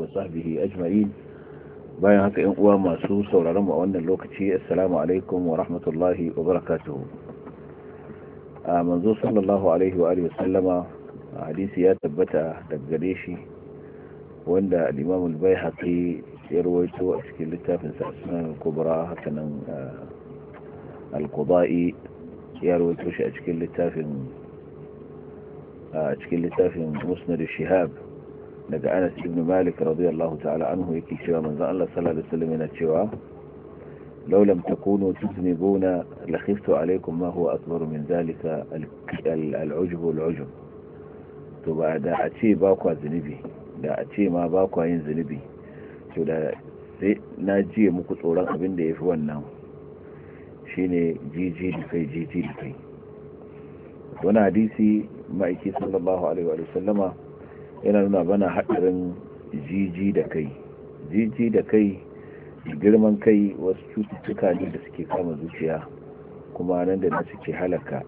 wa sahbihi ajma'in bayan haka yan uwa masu sauraron mu a wannan lokaci assalamu alaikum wa rahmatullahi wa barakatuh a manzo sallallahu alaihi wa alihi sallama hadisi ya tabbata daga gare shi wanda al-imam al-baihaqi ya rawaito a cikin littafin sa sunan al-kubra hakanan al-qudai ya rawaito shi a cikin littafin a cikin littafin musnad shihab daga anas ibn malik radiyallahu ta'ala anhu yake cewa manzon Allah sallallahu alaihi wasallam yana cewa law lam takunu tuznibuna la khiftu alaykum ma huwa akbar min zalika al-ujub al-ujub to ba da a ce ba kwa zunubi da a ce ma ba kwa yin zunubi to da sai na jiye muku tsoron abin da yafi wannan shine jiji da kai jiji da kai wani hadisi ma'aiki sallallahu alaihi wa sallama yana nuna bana haɗarin jiji da kai jiji da kai girman kai wasu cututtuka ne da suke kama zuciya kuma nan da na suke halaka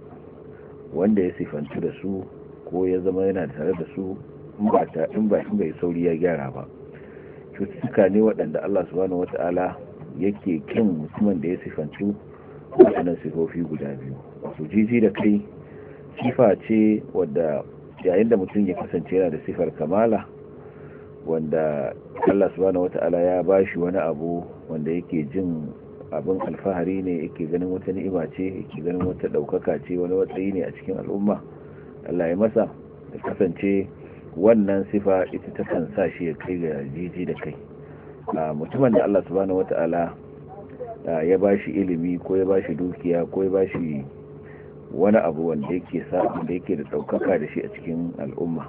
wanda ya sifantu da su ko ya zama yana tare da su in ba in bai sauri ya gyara ba cututtuka ne waɗanda Allah subhanahu ta'ala yake kin mutumin da ya sifantu waɗannan sifofi guda biyu wasu jiji da kai sifa ce wadda yayin da mutum ya kasance yana da sifar kamala wanda Allah subhanahu wata'ala ya bashi wani abu wanda yake jin abin alfahari ne yake ganin wata ni'ima ce yake ganin wata daukaka ce wani watsayi ne a cikin al'umma Allah ya masa ya kasance wannan sifa ita ta kan sa shi ya kai ga jiji da kai a mutumin da Allah subhanahu wata'ala ya bashi ilimi ko ya bashi dukiya ko ya bashi wani abu wanda yake sa da yake da ɗaukaka da shi a cikin al'umma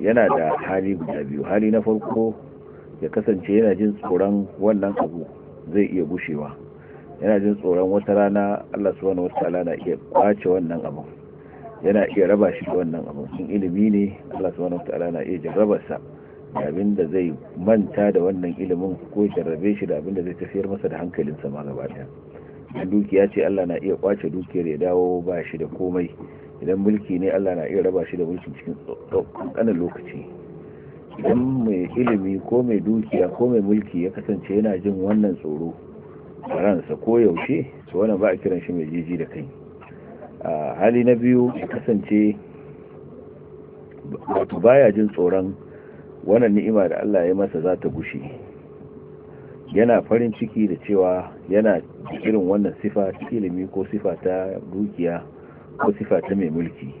yana da hali guda biyu hali na farko ya kasance yana jin tsoron wannan abu zai iya gushewa yana jin tsoron wata rana Allah subhanahu wataala na iya kwace wannan abu yana iya raba shi da wannan abu in ilimi ne Allah subhanahu wataala na iya jarraba sa da abin da zai manta da wannan ilimin ko jarrabe shi da abin da zai tafiyar masa da hankalinsa ma gaba dukiya ce Allah na iya kwace dukiyar ya dawo ba shi da komai idan mulki ne Allah na iya raba shi da mulkin cikin kankanin lokaci idan mai ilimi ko mai dukiya ko mai mulki ya kasance yana jin wannan tsoro a ransa ko yaushe su wannan ba a kiran shi mai jiji da kai a hali na biyu ya kasance wato baya jin tsoron wannan ni'ima da Allah ya masa za ta gushe yana farin ciki da cewa yana irin wannan sifa ta ilimi ko sifa ta dukiya ko sifa ta mai mulki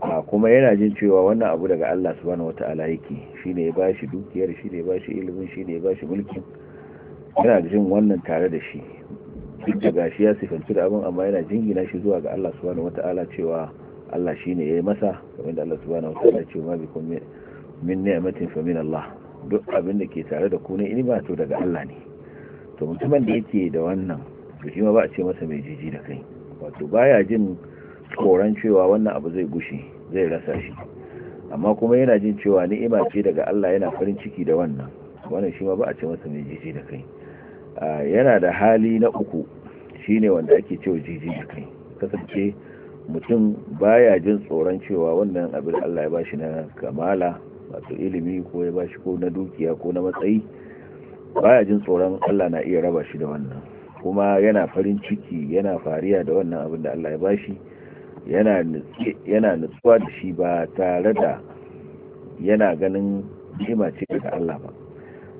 a kuma yana jin cewa wannan abu daga Allah subhanahu wata'ala yake shine ya bashi dukiyar shine ya bashi ilimin shine ya bashi mulkin yana jin wannan tare da shi duk da gashi ya sifanci da abin amma yana jingina shi zuwa ga Allah subhanahu wata'ala cewa Allah shine ya yi masa kamar da Allah subhanahu wata'ala ce ma bikum min ni'matin fa min Allah duk abin da ke tare da ku na ilima to daga Allah ne to mutumin da yake da wannan to shi ma ba a ce masa mai jiji da kai wato baya jin tsoron cewa wannan abu zai gushi zai rasa shi amma kuma yana jin cewa ni'ima ce daga Allah yana farin ciki da wannan wannan shi ma ba a ce masa mai jiji da kai yana da hali na uku shine wanda ake cewa jiji da kai kasance mutum baya jin tsoron cewa wannan abin Allah ya bashi na kamala wato ilimi ko ya bashi ko na dukiya ko na matsayi baya jin tsoron Allah na iya raba shi da wannan kuma yana farin ciki yana fariya da wannan abin da Allah ya bashi yana yana nutsuwa da shi ba tare da yana ganin jima ce daga Allah ba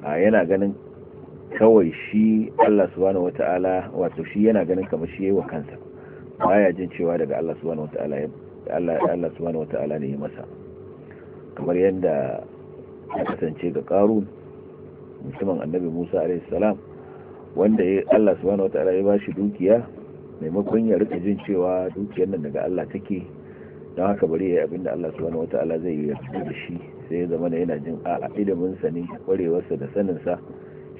a yana ganin kawai shi Allah subhanahu wata'ala wato shi yana ganin kamar shi yi wa kansa baya jin cewa daga Allah subhanahu wata'ala wata'ala ne ya masa kamar yadda ya kasance ga karun musamman annabi musa a.s. wanda ya allah subhanahu wa ta'ala ya ba shi dukiya maimakon ya rika jin cewa dukiyar nan daga allah take don haka bari ya yi abin da allah subhanahu wa ta'ala zai yi da shi sai ya zama na yana jin a iliminsa ne kwarewarsa da saninsa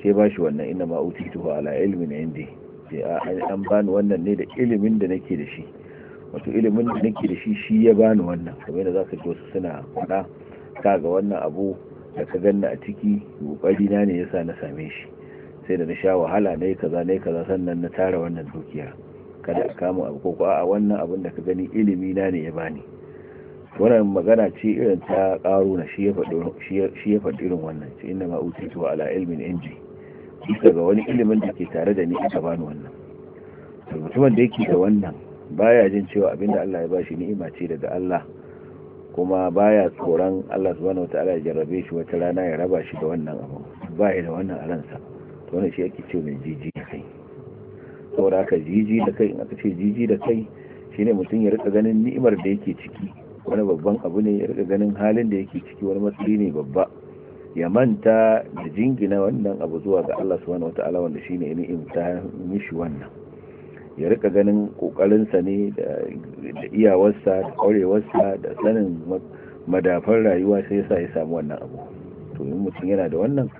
sai ba shi wannan ina ma'utituhu ala na indi sai an bani wannan ne da ilimin da nake da shi wato ilimin da nake da shi shi ya bani wannan kamar yadda za ka ji wasu suna faɗa ga wannan abu da ka ganna a ciki kokari na ne yasa na same shi sai da na sha wahala yi kaza ne kaza sannan na tara wannan dukiya kada a kama abu ko a wannan abin da ka gani ilimi na ne ya bani wannan magana ce irin ta karo na shi ya faɗi irin wannan ce inna ma utitu ala ilmin inji bisa ga wani ilimin da ke tare da ni aka bani wannan mutumin da yake da wannan baya jin cewa abinda Allah ya bashi ni'ima ce daga Allah kuma baya tsoron Allah subhanahu ta'ala ya jarrabe shi wata rana ya raba shi da wannan abu ba ya da wannan aransa to wannan shi yake ce mai jiji da kai saboda ka jiji da kai in aka ce jiji da kai shine mutum ya rika ganin ni'imar da yake ciki wani babban abu ne ya rika ganin halin da yake ciki wani matsayi ne babba ya manta da jingina wannan abu zuwa ga Allah subhanahu ta'ala wanda shine ni'imta mishi wannan ya rika ganin kokarinsa ne da iyawarsa da kwarewarsa da sanin madafar rayuwa sai yasa ya samu wannan abu to in mutum yana da wannan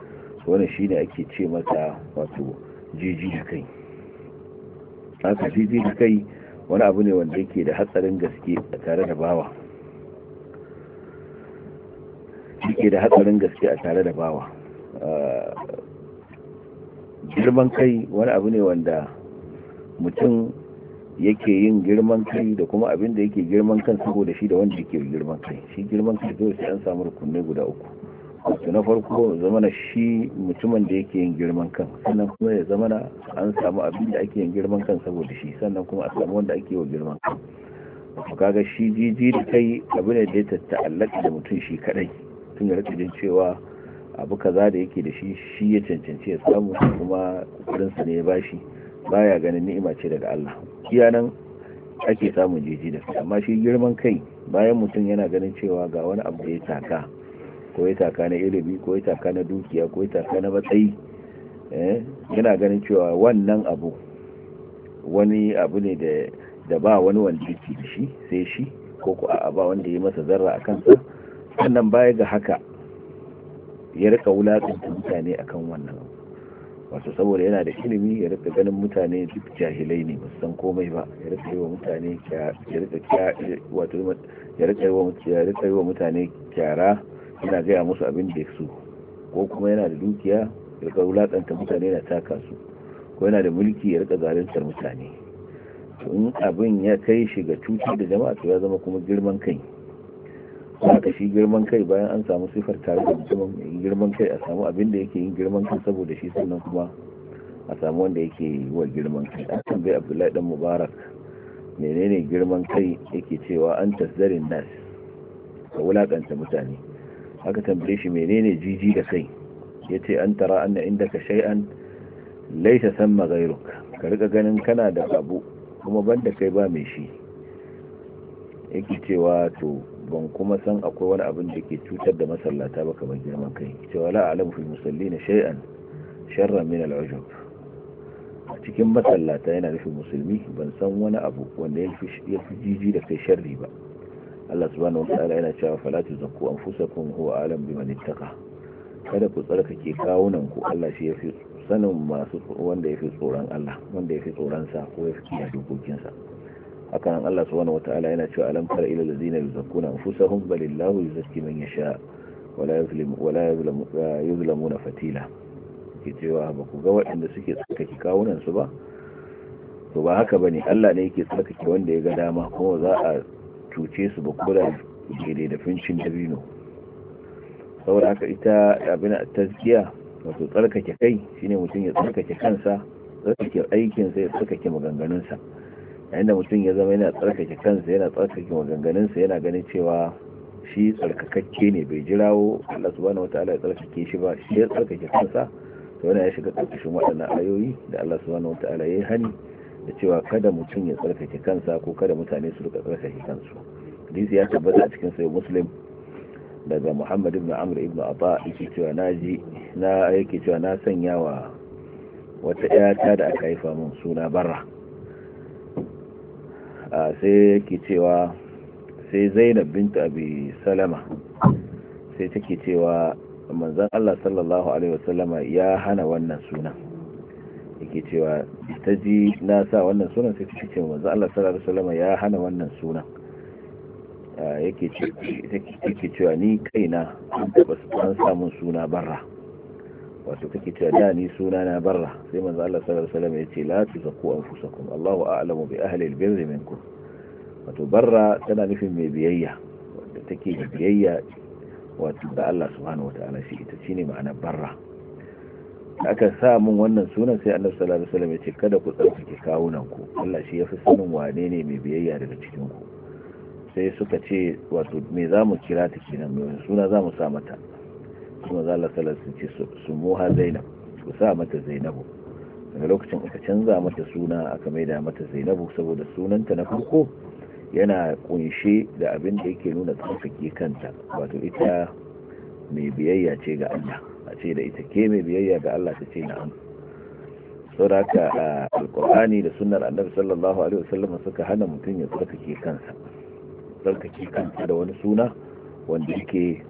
shi shine ake ce masa wato jiji da kai haka jiji da kai wani abu ne wanda yake da hatsarin gaske a tare da bawa yake da hatsarin gaske a tare da bawa ah, girman kai wani abu ne wanda mutum yake yin girman kai da kuma abin da yake girman kan saboda shi da wanda yake girman kai shi girman kai dole sai an samu rukunai guda uku wato na farko zamana shi mutumin da yake yin girman kan sannan kuma ya zamana an samu abin da ake yin girman kan saboda shi sannan kuma a samu wanda ake yi wa girman kan wato kaga shi jiji da kai abu ne da ya ta'allaka da mutum shi kadai tun ya rika jin cewa abu kaza da yake da shi shi ya cancanci ya samu kuma kurinsa ne ya bashi baya ganin ni'ima ce daga Allah iya nan ake samun jiji da amma shi girman kai bayan mutum yana ganin cewa ga wani abu da ya taka ko ya taka na ilimi ko ya taka na dukiya ko ya taka na matsayi eh, yana ganin cewa wannan abu wani abu ne da ba wani wanda da shi sai shi ko ku a ba wanda ya masa zarra a kansa Wannan baya ga haka ya rika wulaƙanta mutane akan wannan wato saboda yana da ilimi ya rika ganin mutane duk jahilai ne ba san komai ba ya rika yi wa mutane ya wato ya rika yi mutane kyara yana gaya musu abin da su ko kuma yana da dukiya ya rika wulakanta mutane na taka su ko yana da mulki ya rika zaluntar mutane in abin ya kai shiga ga cutar da jama'a to ya zama kuma girman kai haka shi girman kai bayan an samu sifar tare da mutumin girman kai a samu abin da yake yin girman kai saboda shi sannan kuma a samu wanda yake wa girman kai an tambayi abdullahi dan mubarak menene girman kai yake cewa an tasdarin nas ka wulakanta mutane haka tambaye shi menene jiji da kai ya ce an tara an na anna shai an laisa san ghayruk ka rika ganin kana da abu kuma banda kai ba mai shi yake cewa to ban kuma san akwai wani abin da ke cutar da masallata ba kamar girman kai cewa la alamu fil musallina shay'an sharra min al-ujub cikin masallata yana nufin musulmi ban san wani abu wanda ya fi jiji da kai sharri ba Allah subhanahu wataala yana cewa fala tuzakku anfusakum huwa alam biman ittaqa kada ku tsarkake kawunan ku Allah shi yafi sanin masu wanda yafi tsoron Allah wanda yafi tsoron sa ko yafi kiyaye dokokin sa haka Allah subhanahu wata'ala yana cewa alam tara ila allazina yuzakkuna anfusahum balillahu yuzakki man yasha wala yuzlim wala yuzlamu yuzlamuna fatila ke cewa ba ku ga waɗanda suke tsarkake kawunan su ba to ba haka bane Allah ne yake tsarkake wanda ya ga dama kuma za a cuce su ba ko da da fincin dabino saboda haka ita abin tazkiya wato tsarkake kai shine mutum ya tsarkake kansa tsarkake sa ya tsarkake maganganunsa yayin da mutum ya zama yana tsarkake kansa yana tsarkake maganganunsa yana ganin cewa shi tsarkakakke ne bai jirawo Allah subhanahu wataala ya tsarkake shi ba shi ya tsarkake kansa to yana ya shiga tsarkashin waɗannan ayoyi da Allah subhanahu wataala ya yi hani da cewa kada mutum ya tsarkake kansa ko kada mutane su rika tsarkake kansu hadisi ya tabbata a cikin sahih muslim daga Muhammad ibn Amr ibn Atha yake cewa naji na yake cewa na sanya wa wata 'yata da aka haifa mun suna Barra sai yake cewa sai zainab binta abi salama sai take cewa manzan Allah sallallahu alaihi wasallama ya hana wannan sunan yake cewa ta ji na sa wannan sunan sai take cewa manzan Allah sallallahu alaihi wasallama ya hana wannan sunan yake cewa ni kaina ba su an samun suna barra wato kake cewa da ni suna na barra sai manzo Allah sallallahu alaihi wasallam ya ce la tuzakku anfusakum Allahu a'lamu bi ahli al minkum wato barra tana nufin mai biyayya wanda take da biyayya wato da Allah subhanahu wata'ala shi ita shine ma'anar barra da aka sa mun wannan sunan sai allah sallallahu alaihi wasallam ya ce kada ku tsarkake kawunan ku Allah shi yafi sanin wane ne mai biyayya daga cikin ku sai suka ce wato me zamu kira ta kenan mai suna zamu sa mata kuma maza Allah sun ce su moha zainab ku sa mata zainabu daga lokacin aka canza mata suna aka maida mata zainabu saboda sunanta na farko yana kunshe da abin da yake nuna tsarkake kanta wato ita mai biyayya ce ga Allah a ce da ita ke mai biyayya ga Allah ta ce na'am saboda a alkur'ani da sunnar annabi sallallahu alaihi wasallam suka hana mutum ya tsarkake kansa tsarkake kansa da wani suna wanda yake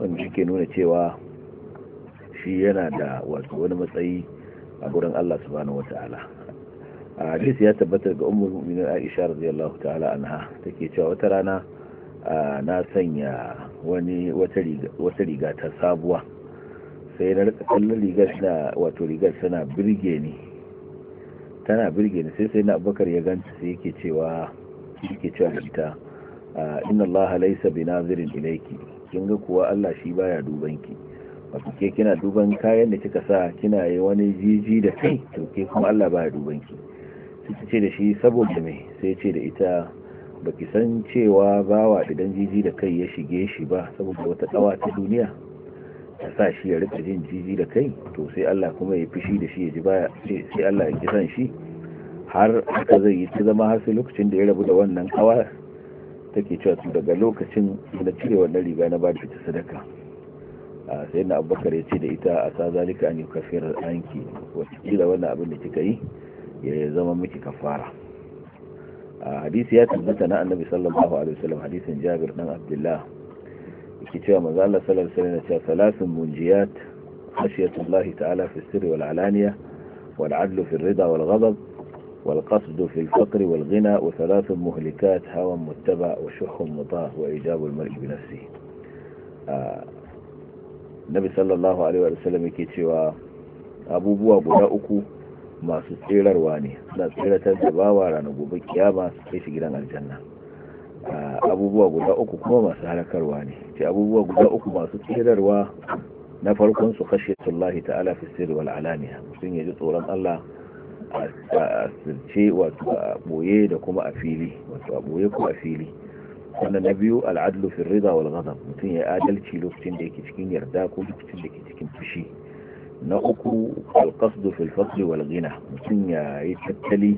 wanda yake nuna cewa shi yana da wato wani matsayi a gurin Allah subhanahu wata'ala a hadisi ya tabbatar ga ummul mu'minin Aisha radiyallahu ta'ala anha take cewa wata rana na sanya wani wata riga ta sabuwa sai na rika kallon rigar da wato rigar tana birge ni tana birge ni sai sai na Abubakar ya ganta sai yake cewa yake cewa ita inna Allah laysa binazirin ilayki kin ga kuwa Allah shi baya duban ki wato ke kina duban kayan da kika sa kina yi wani jiji da kai to ke kuma Allah baya duban ki sai ce da shi saboda me sai ce da ita baki san cewa bawa idan jiji da kai ya shige shi ba saboda wata tsawa ta duniya ta sa shi ya rika jin jiji da kai to sai Allah kuma ya fishi da shi ya ji baya sai Allah ya kisan shi har haka zai yi ta zama har sai lokacin da ya rabu da wannan kawar take cewa su daga lokacin na cire wannan riga na ba da ita sadaka sai na abubakar ya ce da ita a sa zalika an yi kafirar anki wacikila wannan abin da kika yi ya zama miki kafara hadisi ya tabbata na annabi sallallahu alaihi wasallam hadisin jabir dan abdullah yake cewa manzo Allah sallallahu alaihi wasallam cewa salasun munjiyat khashiyatullahi ta'ala fi sirri wal alaniya wal adlu fi rida wal ghadab والقصد في الفقر والغنى وثلاث مهلكات هوى متبع وشح مطاع وإجاب المرء بنفسه النبي صلى الله عليه وسلم يكتوى abubuwa guda uku masu tserarwa ne suna tseratar da bawa ranar gobe kiyama su kai gidan aljanna abubuwa guda uku kuma masu halakarwa ne ce abubuwa guda uku masu tsirarwa na farkon su kashe tullahi ta'ala fi sirri wal alaniya mutum ya tsoron Allah a sirce wato a boye da kuma a fili wato a boye ko a fili wannan na biyu al'adlu fi rida wal ghadab mutum ya adalci lokacin da yake cikin yarda ko lokacin da yake cikin fushi na uku al qasdu fil fadl wal ghina mutum ya yi tattali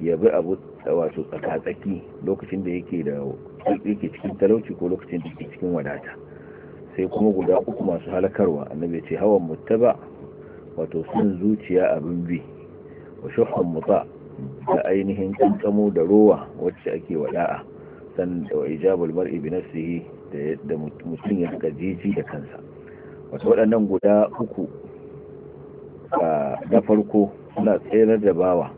ya bi abu wato tsakatsaki lokacin da yake da yake cikin talauci ko lokacin da yake cikin wadata sai kuma guda uku masu halakarwa annabi ya ce hawan muttaba wato sun zuciya abin bi wa shuhun da ainihin kankamo da rowa wacce ake wada'a san da wa ijabul mar'i bi nafsihi da mutum ya rika jiji da kansa wato waɗannan guda uku na farko suna tsere da bawa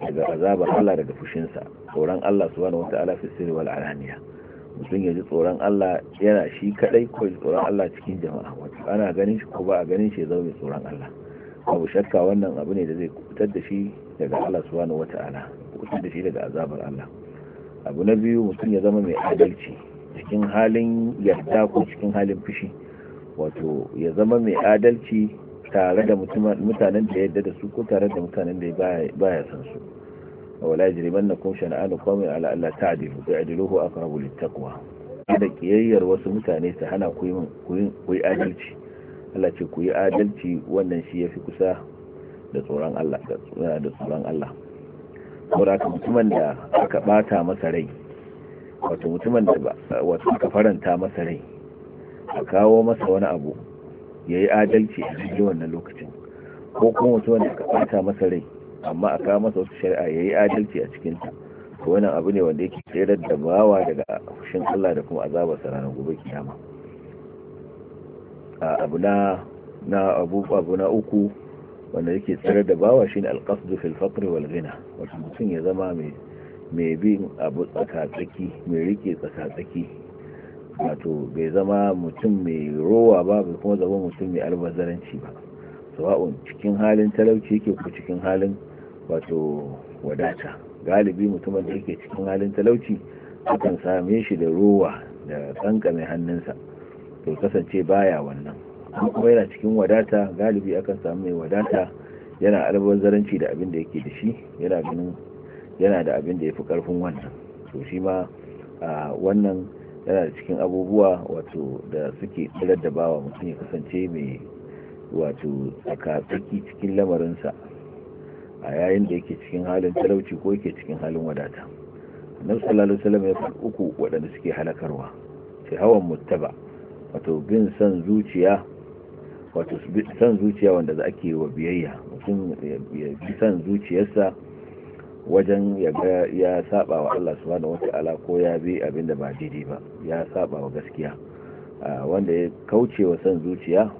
daga azabar Allah daga fushinsa tsoron Allah subhanahu wata'ala fi sirri wal alaniya mutum ya ji tsoron Allah yana shi kadai ko tsoron Allah cikin jama'a wato ana ganin shi ko ba a ganin shi ya zama tsoron Allah abu shakka wannan abu ne da zai kutar da shi daga Allah subhanahu wata'ala kutar da shi daga azabar Allah abu na biyu mutum ya zama mai adalci cikin halin yarda ko cikin halin fushi wato ya zama mai adalci tare da mutanen da yadda da su ko tare da mutanen da baya san su wala jirimannakum shan'anu qawmin ala alla ta'dilu ta'diluhu aqrabu lit-taqwa da kiyayyar wasu mutane ta hana ku yi adalci Allah ce ku yi adalci wannan shi ya fi kusa da tsoron Allah da tsoron Allah saboda mutumin da aka bata masa rai wato mutumin da wato aka faranta masa rai a kawo masa wani abu ya yi adalci a cikin wannan lokacin ko kuma mutumin da aka bata masa rai amma a kawo masa wasu shari'a ya yi adalci a cikinta to wannan abu ne wanda yake tserar da bawa daga fushin Allah da kuma azabarsa ranar gobe kiyama abu na na abu abu na uku wanda yake tsare da bawa shine alqasdu fil faqr wal ghina wato mutum ya zama mai mai bin abu tsakatsaki mai rike tsakatsaki wato bai zama mutum mai rowa ba bai kuma zama mutum mai albazaranci ba sawa'un cikin halin talauci yake ko cikin halin wato wadata galibi mutumin da yake cikin halin talauci akan same shi da rowa da kankame hannunsa to kasance baya wannan kuma yana cikin wadata galibi akan samu mai wadata yana albazaranci da abin da yake da shi yana ganin yana da abin da ya fi karfin wannan to shi ma wannan yana da cikin abubuwa wato da suke tsirar da bawa mutum ya kasance mai wato tsakatsaki cikin lamarinsa a yayin da yake cikin halin talauci ko yake cikin halin wadata nan sallallahu alaihi wasallam ya faɗi uku waɗanda suke halakarwa sai hawan muttaba wato bin san zuciya wato san zuciya wanda za ake wa biyayya mutum ya bi san zuciyarsa wajen ya ga ya saba wa Allah subhanahu wata'ala ko ya bi abinda ba daidai ba ya saba wa gaskiya wanda ya kauce wa san zuciya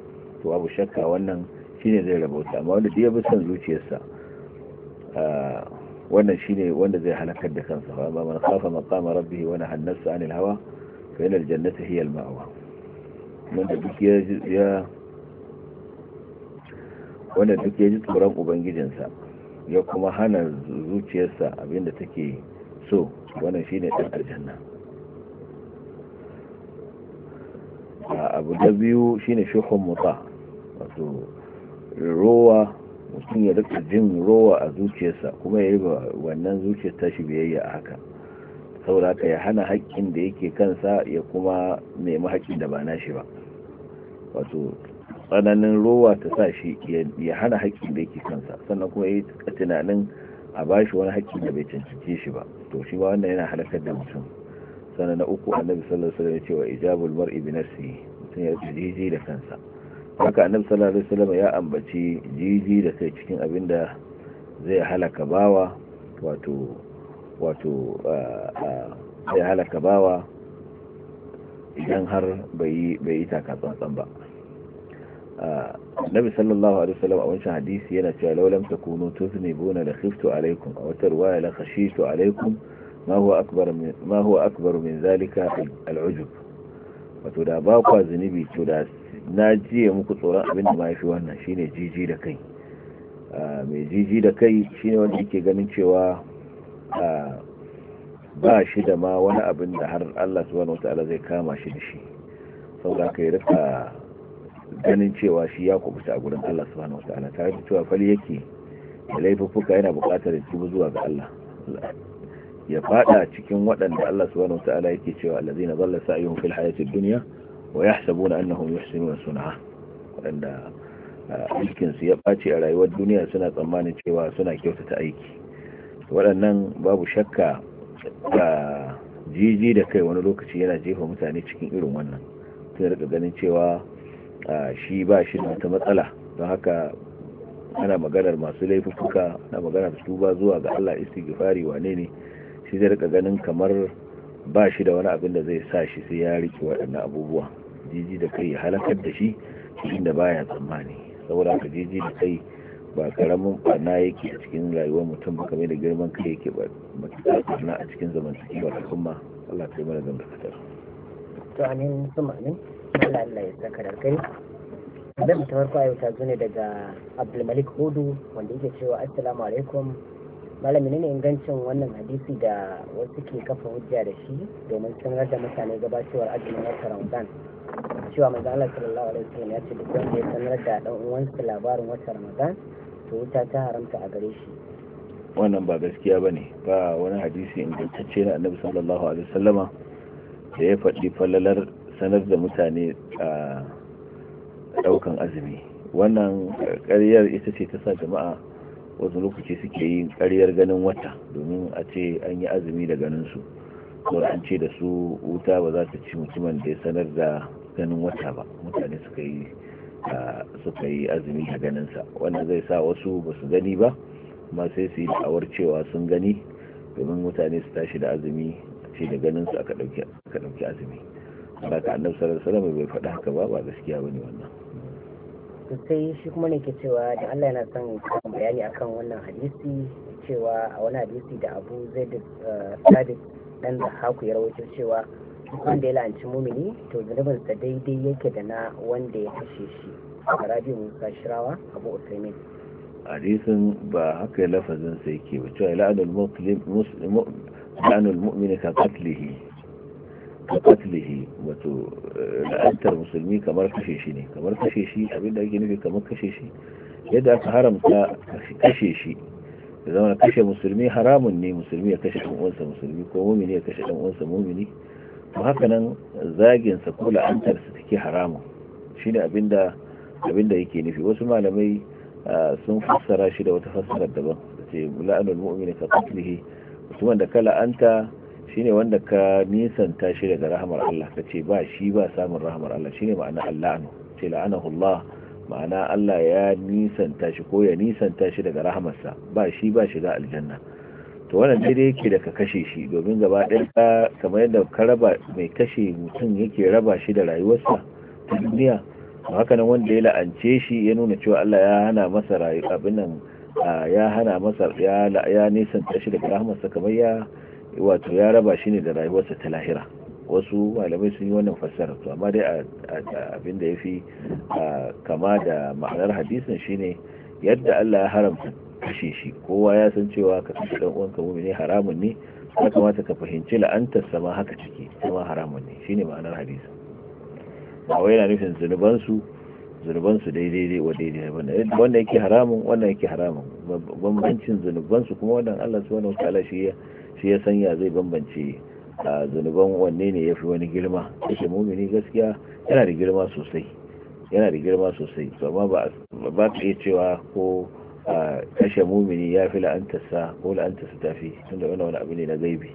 to abu shakka wannan shine zai rabauta amma wanda ya bi san zuciyarsa wannan shine wanda zai halakar da kansa ba man kafa maqama rabbih wa nahana 'anil hawa fa inal jannata hiya al-ma'wa wanda duk ya wanda duk ya ji tsoron ubangijinsa ya kuma hana zuciyarsa abinda take so wannan shine ɗan aljanna abu da biyu shine shuhun muta wato rowa mutum ya rika jin rowa a zuciyarsa kuma ya yi wannan zuciyar tashi biyayya a haka saboda haka ya hana haƙƙin da yake kansa ya kuma nemi haƙƙin da ba nashi ba wato tsananin rowa ta sa shi ya hana haƙƙin da yake kansa sannan kuma yi tunanin a bashi wani haƙƙin da bai cancanci shi ba to shi ba wannan yana halakar da mutum sannan na uku annabi sallallahu alaihi wasallam ya ce wa ijabul mar'i bi mutum ya jiji da kansa haka annabi sallallahu alaihi wasallam ya ambaci jiji da kai cikin abin da zai halaka bawa wato wato ya halaka bawa idan har bai yi takatsantsan ba nabi sallallahu alaihi wasallam a wancan hadisi yana cewa laulam takunu tuznibuna la khiftu alaikum a wata ruwaya la khashitu alaikum ma huwa akbar min ma huwa zalika al'ujub wato da ba kwa zunubi to da na jiye muku tsoron abin da ma wannan shine jiji da kai mai jiji da kai shine wanda yake ganin cewa Ah, ba shi da ma wani abin da har Allah subhanahu wata'ala zai kama shi da shi Sau da ka yi rika ganin cewa shi ya kubuta a gurin Allah subhanahu wata'ala tare da cewa fali yake da laifuffuka yana bukatar da tubu zuwa ga Allah ya fada cikin waɗanda Allah subhanahu wata'ala yake cewa allazina dhalla sa'yuhum fil hayatun duniya wa yahsabuna annahum yuhsinuna sun'a waɗanda ah, aikinsu ya ɓaci a rayuwar duniya suna tsammanin cewa suna kyautata aiki waɗannan babu shakka a jiji da kai wani lokaci yana jefa mutane cikin irin wannan sai rika ganin cewa shi ba shi da wata matsala don haka ana maganar masu laifuka ana maganar su ba zuwa ga Allah istighfari wane ne shi zai rika ganin kamar ba shi da wani abin da zai sa shi sai ya rike waɗannan abubuwa jiji da kai ya halakar da shi inda baya tsammani saboda haka jiji da kai ba karamin kwana yake a cikin rayuwar mutum ba kamar da girman kai yake ba matuƙar kwana a cikin zaman cikin zamantakewar al'umma Allah ta yi mana fitar. to amin su ma'amin Allah Allah ya saka da kai abin ta farko ayo ta ne daga Abdulmalik Hudu wanda yake cewa assalamu alaikum malami ne ingancin wannan hadisi da wasu ke kafa hujja da shi domin sanar da mutane gabatowar azumin watan Ramadan cewa manzo Allah sallallahu alaihi wasallam ya ce duk wanda ya sanar da dan uwansa labarin watan Ramadan to wuta ta haramta a gare shi wannan ba gaskiya ne ba wani hadisi ce na annabi sallallahu alaihi wasallama da ya faɗi falalar sanar da mutane a ɗaukan azumi wannan ƙaryar ita ce ta sa jama'a wasu lokaci suke yi ƙaryar ganin wata domin a ce an yi azumi da ganin su ko an ce da su wuta ba za ta ci mutumin da ya sanar da ganin wata ba mutane suka yi suka yi azumi a ganinsa wannan zai sa wasu ba su gani ba amma sai su yi da'awar cewa sun gani domin mutane su tashi da azumi ce da ganinsu aka ɗauki azumi ba ka annabta sallallahu mai bai fada haka ba ba gaskiya bane wannan sai shi kuma ne ke cewa da Allah yana son bayani akan wannan hadisi cewa a wani hadisi da Abu zai eh, Sadiq dan da haku ya rawaito cewa wanda ya la'anci mumini to zunubin sa daidai yake da na wanda ya kashe shi Rabi Musa Shirawa Abu Usaimin hadisin ba haka lafazin sa yake ba cewa la'anul muslim ka katlihi ka qatlihi wato la'antar musulmi kamar kashe shi ne kamar kashe shi abinda ake nufi kamar kashe shi yadda aka haramta kashe shi da zama kashe musulmi haramun ne musulmi ya kashe ɗan uwansa musulmi ko mumini ya kashe ɗan uwansa mumini to haka zaginsa ko la'antarsa take haramun shine abinda abinda yake nufi wasu malamai sun fassara shi da wata fassarar daban ce la'anul mu'mini ka qatlihi mutumin da ka la'anta shine wanda ka nisanta shi daga rahamar Allah ka ce ba shi ba samun rahamar Allah shine ma'ana Allah'anu ce la'anahu Allah ma'ana Allah ya nisanta shi ko ya nisanta shi daga rahamarsa ba shi ba shiga aljanna to wannan dai yake da ka kashe shi domin gaba ɗaya kamar yadda ka raba mai kashe mutum yake raba shi da rayuwarsa ta duniya haka nan wanda ya la'ance shi ya nuna cewa Allah ya hana masa rayu abin nan ya hana masa ya ya daga rahmarsa kamar ya wato ya raba shi ne da rayuwarsa ta lahira wasu malamai sun yi wannan fassara to amma dai abin da yafi kama da ma'anar hadisin shine yadda Allah ya haramta kashe shi kowa ya san cewa ka kashe dan uwanka mu'mini haramun ne ya kamata ka fahimci la'antar sama haka ciki kuma haramun ne shine ma'anar hadisi ba wai yana nufin zunuban su zunuban daidai dai wa daidai ba wanda yake haramun wannan yake haramun bambancin zunuban su kuma wannan Allah subhanahu wani shi ya shi ya sanya zai bambance zunuban wanne ne yafi wani girma yake mu'mini gaskiya yana da girma sosai yana da girma sosai amma ba ba ka iya cewa ko kashe mumini ya fi la'antarsa ko la'antarsa ta fi tun da wani abu ne na gaibi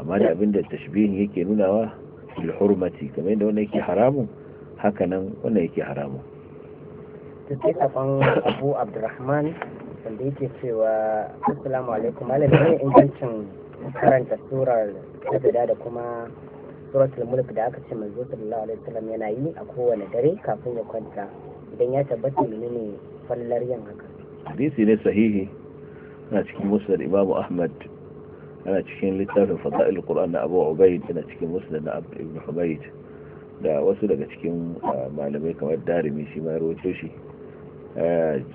amma da abin da tashbihin yake nunawa wa hurmati kamar yadda wannan yake haramun haka nan wannan yake haramun ta ce kafan abu abdurrahman wanda yake cewa assalamu alaikum malam ne ingancin karanta surar da da kuma suratul mulk da aka ce manzo sallallahu alaihi wasallam yana yi a kowane dare kafin ya kwanta idan ya tabbata menene fallar yin haka hadisi ne sahihi ana cikin musnad imamu ahmad ana cikin littafin fada'il qur'an na abu ubaid ana cikin musnad na abd ibn humayd da wasu daga cikin malamai kamar darimi shi ma rawaito shi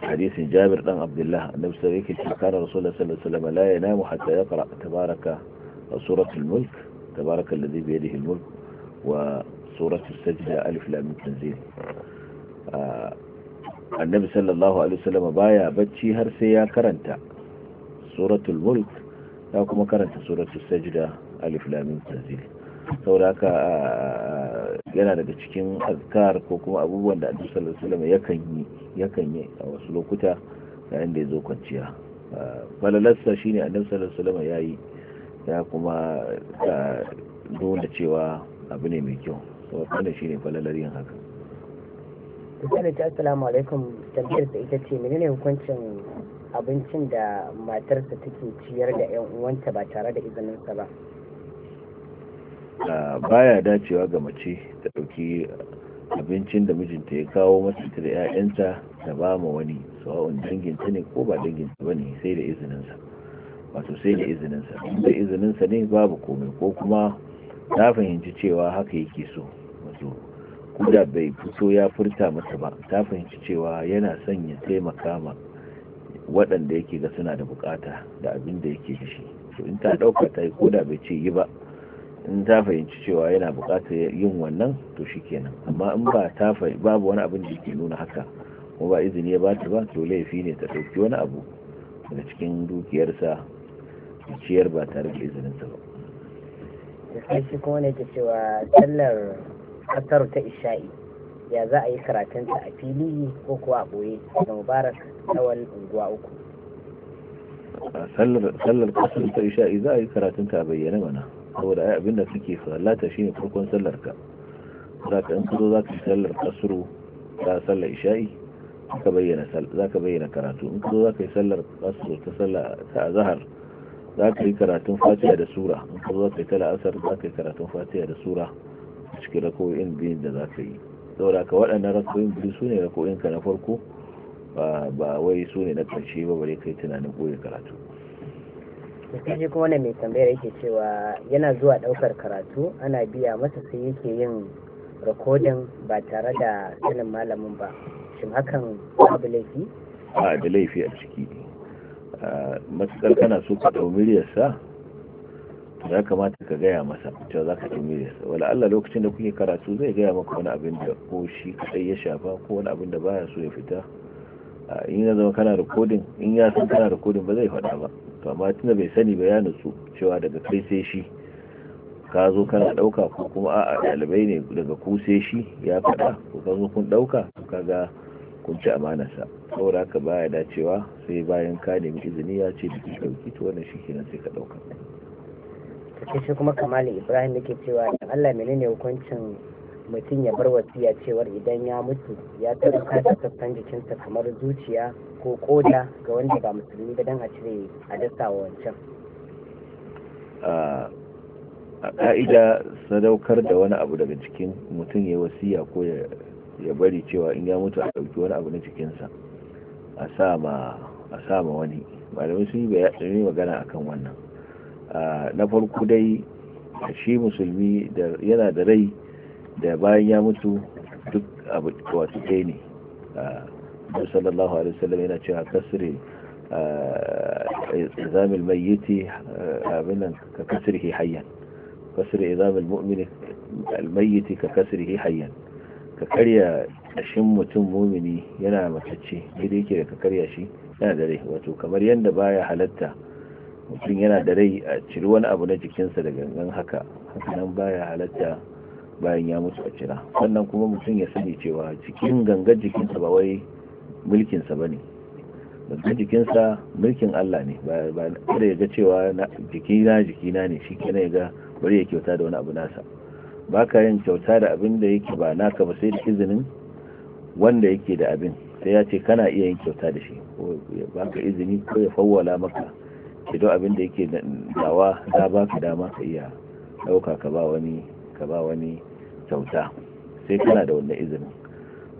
hadisin jabir dan abdullah annabi sai yake cewa kana rasulullahi sallallahu alaihi wasallam la yanamu hatta yaqra tabaraka suratul mulk tabaraka alladhi bi yadihi al-mulk wa suratul sajda alif lam tanzil annabi sallallahu alaihi wasallam baya bacci har sai ya karanta suratul mulk ya kuma karanta suratul sajda alif lam mim tanzil saboda haka yana daga cikin azkar ko kuma abubuwan da annabi sallallahu alaihi wasallam yakan yi yakan yi a wasu lokuta yayin da ya zo kwanciya falalasa shine annabi sallallahu alaihi wasallam yayi ya kuma nuna cewa abu ne mai kyau saboda shine falalar yin haka da ta assalamu alaikum tambayar da ita ce menene hukuncin abincin da matarsa take ciyar da 'yan uwanta ba tare da izininsa ba. Ah, baya dacewa ga mace ta dauki abincin da mijinta ya kawo mata da 'ya'yanta ta ba ma wani sawa'un danginta ne ko ba danginta ba ne sai da izininsa wato sai da izininsa da izininsa ne babu komai ko kuma na fahimci cewa haka yake so wato kuda bai fito ya furta mata ba ta fahimci cewa yana son ya taimaka ma waɗanda yake ga suna da bukata da abin da yake da shi to in ta ɗauka ta yi da bai ce yi ba in ta fahimci cewa yana bukatar yin wannan to shi kenan amma in ba ta fahimci babu wani abin da yake nuna haka ko ba izini ya bata ba to laifi ne ta ɗauki wani abu daga cikin dukiyarsa ciyar ba tare da izininsa ba. kai shi kuma ne ta cewa tallar. kasar ta isha'i ya za a yi karatunta a fili ko kuwa a ɓoye da mubarak tsawon unguwa uku sallar kasar ta isha'i za a yi karatunta a bayyane mana saboda ai abinda suke sallata shine farkon sallar ka za ka in zo za ka yi sallar kasuru ta sallar isha'i za ka bayyana karatu in zo za ka yi sallar kasuru ta sallar ta za ka yi karatun fatiha da sura in zo za ka yi ta la'asar za ka yi karatun fatiha da sura a cikin rakoyin biyun da za ka yi saboda ka waɗannan rakoyin biyu su ne rakoyin ka na farko ba wai su ne na ƙarshe ba bare kai tunanin ɓoye karatu mutum shi kuma mai tambayar yake cewa yana zuwa ɗaukar karatu ana biya masa sai yake yin rikodin ba tare da sanin malamin ba shin hakan abu laifi a da laifi a ciki ah, matukar kana so ka ɗau miliyarsa ya kamata ka gaya masa cewa za ka tambaye sa wala Allah lokacin da kuke karatu zai gaya maka wani abin da ko shi kaɗai ya shafa ko wani abin da baya so ya fita in ya zama kana rikodin in ya san kana rikodin ba zai faɗa ba to amma tunda bai sani ba ya nutsu cewa daga kai sai shi ka zo kana ɗauka ko kuma a'a ɗalibai ne daga ku sai shi ya faɗa ko ka zo kun ɗauka ka ga kun ci sa saboda haka baya dacewa sai bayan ka nemi izini ya ce da ki ɗauki to wannan shi kenan sai ka ɗauka to shi kuma kamalin ibrahim yake cewa dan allah menene hukuncin mutum ya bar wasiya cewar idan ya mutu ya tsarka da sassan jikinsa kamar zuciya ko koda ga wanda ba musulmi ba dan a cire a dasa wancan a ka'ida sadaukar da wani abu daga cikin mutum ya wasiya ko ya bari cewa in ya mutu a ɗauki wani abu na cikinsa a sama wani malamai sun yi bayani magana akan wannan na farko dai shi musulmi yana da rai da bayan ya mutu duk abu wato kai ne a sallallahu alaihi wasallam yana cewa kasri izamil mayyiti abin nan ka kasrihi hayyan kasri izamil mu'min mayyiti ka kasrihi hayyan ka karya shin mutum mumini yana matacce da yake da ka karya shi yana da rai wato kamar yadda baya halatta mutum yana da rai a ciri wani abu na jikinsa da gangan haka hakanan baya halatta bayan ya mutu a cira sannan kuma mutum ya sani cewa cikin gangan jikinsa ba wai mulkinsa ba ne gangan jikinsa mulkin Allah ne ba kada ya ga cewa jikina jikina ne shi kina ya ga bari ya kyauta da wani abu nasa ba ka yin kyauta da abin da yake ba naka ba sai da izinin wanda yake da abin sai ya ce kana iya yin kyauta da shi ko ya ka izini ko ya fawwala maka ce don abin da yake dawa da ba ka dama ka iya ɗauka ka ba wani ka ba wani kyauta sai kana da wannan izinin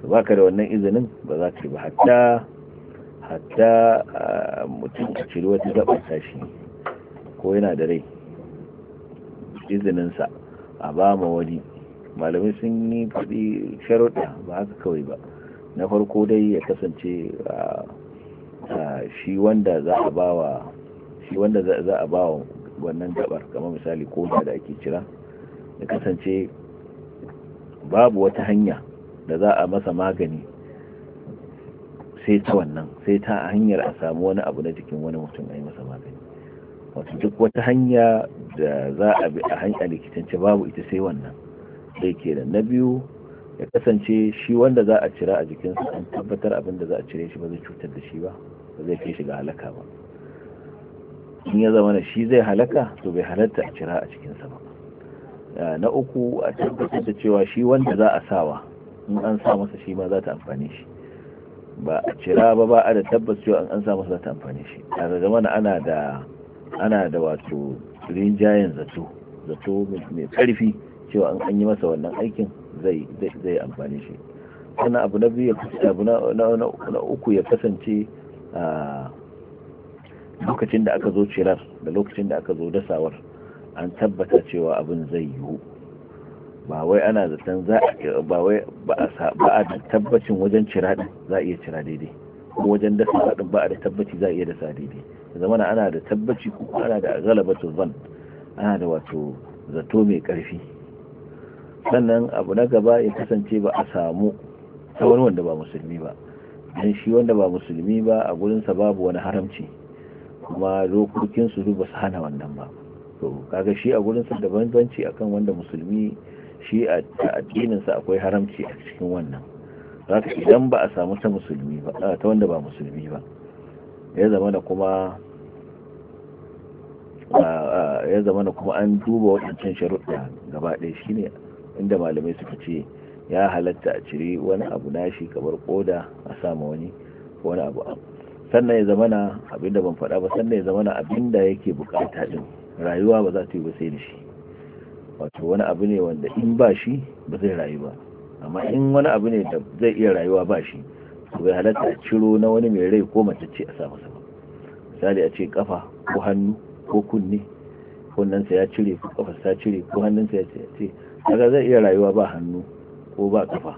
to baka da wannan izinin ba za ka yi ba hatta hatta mutum a ciri wata gabar tashi ko yana da rai izinin sa a ba ma wani malamai sun yi kudi sharuɗa ba haka kawai ba na farko dai ya kasance shi wanda za a ba wa shi wanda za a ba wa wannan gabar kamar misali koda da ake cira ya kasance babu wata hanya da za a masa magani sai ta wannan sai ta hanyar a samu wani abu na jikin wani mutum a yi masa magani wato duk wata hanya da za a bi a hanyar likitance babu ita sai wannan sai ke da na biyu ya kasance shi wanda za a cira a jikinsa an tabbatar abin da za a cire shi ba zai cutar da shi ba ba zai fi shi ga halaka ba in ya zama shi zai halaka to bai halatta a cira a cikinsa ba na uku a tabbatar da cewa shi wanda za a sawa in an sa masa shi ma za ta amfani shi ba a cira ba ba a da tabbas cewa an sa masa za ta amfani shi a zama ana da ana da wato rinjayen zato zato mai karfi cewa an an yi masa wannan aikin zai zai amfani shi sannan abu na biyu abu na uku ya kasance a ah, lokacin da aka zo cirar da lokacin da aka zo dasawar an tabbata cewa abin zai yiwu ba wai ana zaton za ba wai ba a da tabbacin wajen cira din za a iya cira daidai ko wajen dasa din ba a da tabbaci za a iya dasa daidai zama ana da tabbaci ko ana da galabatu zan ana da wato zato mai karfi sannan abu na gaba ya kasance ba a samu ta wani wanda ba musulmi ba dan shi wanda ba musulmi ba a gurinsa babu wani haramci kuma dokokin su ba su hana wannan ba to kaga shi a gurin sa da banbanci akan wanda musulmi shi a addinin sa akwai haramci a cikin wannan zaka idan ba a samu ta musulmi ba ta wanda ba musulmi ba ya zama da kuma ya zama da kuma an duba waɗancan sharuɗa gaba ɗaya shine inda malamai suka ce ya halatta a cire wani abu nashi kamar koda a sama wani wani abu sannan ya zama na abinda ban faɗa ba sannan ya zama na abinda yake bukata din rayuwa ba za ta yi ba sai da shi wato wani abu ne wanda in ba shi ba zai rayu ba amma in wani abu ne da zai iya rayuwa ba shi to bai halatta ciro na wani mai rai ko mace ce a sa masa ba misali a ce kafa ko hannu ko kunne sa ya cire ko kafarsa sa cire ko hannunsa ya ce kaga zai iya rayuwa ba hannu ko ba kafa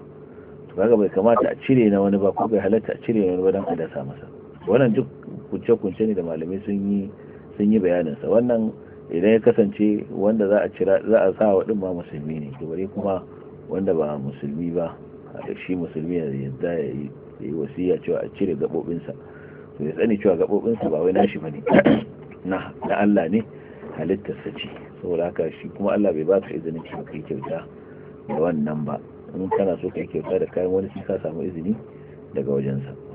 to kaga bai kamata a cire na wani ba ko bai halatta a cire na wani ba don a dasa masa wannan duk kunce-kunce ne da malamai sun yi sun yi bayaninsa wannan idan ya kasance wanda za a cira za a sa din ma musulmi ne bare kuma wanda ba musulmi ba da shi musulmi ya yadda ya yi wasiya cewa a cire gaɓoɓinsa to ya tsani cewa gaɓoɓinsa ba wai nashi ba ne na Allah ne halittarsa ce saboda haka shi kuma Allah bai ba ka izinin cewa kai kyauta da wannan ba in kana so kai kyauta da kayan wani sai ka samu izini daga wajensa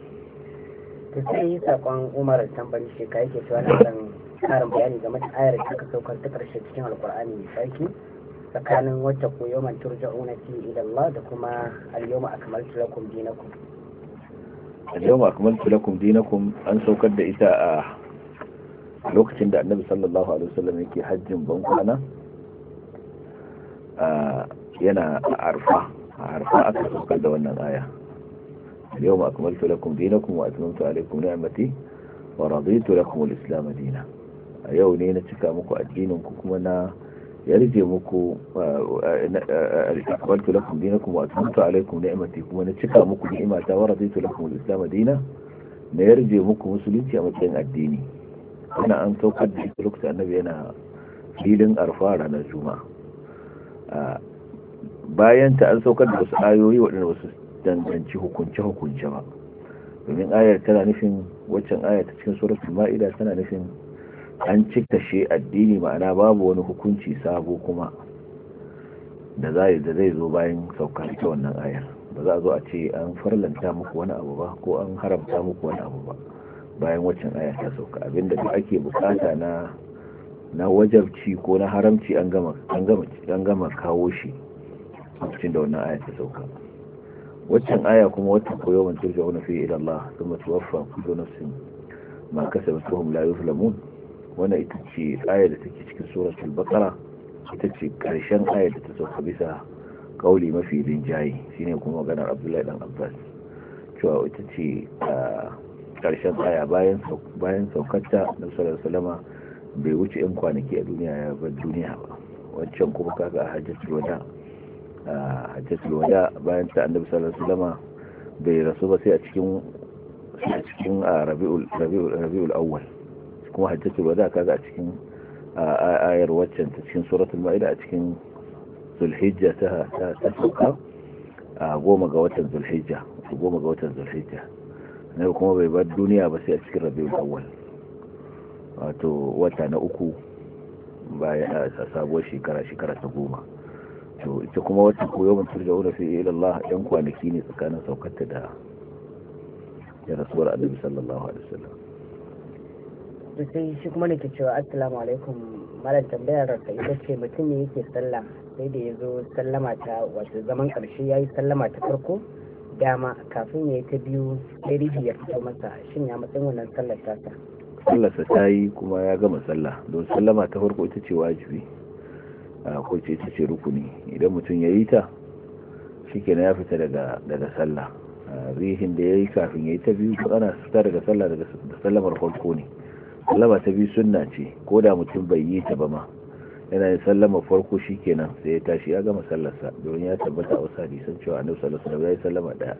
to sai saƙon umar tambari sheka yake cewa na kan karin bayani game da ayar da aka saukar ta karshe cikin alƙur'ani mai sarki tsakanin wacce ko yawman turja'una fi idallah da kuma al-yawma akmaltu lakum dinakum al-yawma akmaltu lakum dinakum an saukar da ita a lokacin da annabi sallallahu alaihi wasallam yake hajjin bankwana yana a arfa a arfa aka saukar da wannan aya اليوم أكملت لكم دينكم وأتممت عليكم نعمتي ورضيت لكم الإسلام دينا يوني نتكى مكو أدينكم كمنا يرجي مكو أكملت لكم دينكم وأتممت عليكم نعمتي كمنا نتكى مكو نعمة ورضيت لكم الإسلام دينا نيرجي مكو مسلمتي أمتين الديني أنا أن توقد لكت النبي أنا filin arfa ranar juma'a bayan ta an saukar da wasu ayoyi waɗanda wasu danganci hukunce-hukunce ba domin ayar tana nufin waccan ayar ta cikin suratul ma'ida tana nufin an cika shi addini ma'ana babu wani hukunci sabo kuma da zai da zai zo bayan saukar ta wannan ayar ba za a zo a ce an farlanta muku wani abu ba ko an haramta muku wani abu ba bayan waccan ayar ta sauka abinda da ake bukata na na wajabci ko na haramci an gama kawo shi a cikin da wannan ayar ta sauka waccan aya kuma wata ko yawan turja wani fi ila Allah thumma tuwaffa kullu nafsin ma kasabat hum la yuzlamun wannan ita ce aya da take cikin suratul baqara ita ce karshen aya da ta sauka bisa kauli mafi rinjaye shine kuma maganar Abdullahi dan Abbas cewa ita ce karshen aya bayan saukata saukarta na sallallahu bai wuce yan kwanaki a duniya ya bar duniya ba wancan kuma kaga a hajjatul wada' hajjatul wada bayan ta annabi sallallahu alaihi wasallam bai rasu ba sai a cikin a cikin rabi'ul rabi'ul rabi'ul awwal kuma hajjatul wada kaga a cikin ayar waccan ta cikin suratul ma'ida a cikin zulhijja ta ta sauka a goma ga watan zulhijja goma ga watan zulhijja ne kuma bai bar duniya ba sai a cikin rabi'ul awwal wato wata na uku bayan a sabuwar shekara shekara ta goma to ita kuma wata koyo mutum da wurafi ila Allah yan kwanaki ne tsakanin saukarta da da rasuwar annabi sallallahu alaihi wasallam to sai shi kuma ne ke cewa assalamu alaikum malam tambayar ka ita ce mutum ne yake sallah sai da ya zo sallama ta wato zaman karshe yayi yi sallama ta farko dama kafin ya yi ta biyu sai rigi ya fito masa shin ya matsayin wannan sallar tasa sallarsa ta yi kuma ya gama sallah don sallama ta farko ita ce wajibi ko ce ta ce rukuni idan mutum ya yi ta shi kenan ya fita daga sallah rihin da ya yi kafin ya yi ta biyu ana fita daga sallah daga sallamar farko ne sallama ta biyu sunna ce ko da mutum bai yi ta ba ma yana yin sallama farko shi kenan sai ya tashi ya gama sallarsa domin ya tabbata a wasu hadisan cewa annabi sallallahu da ya yi sallama daya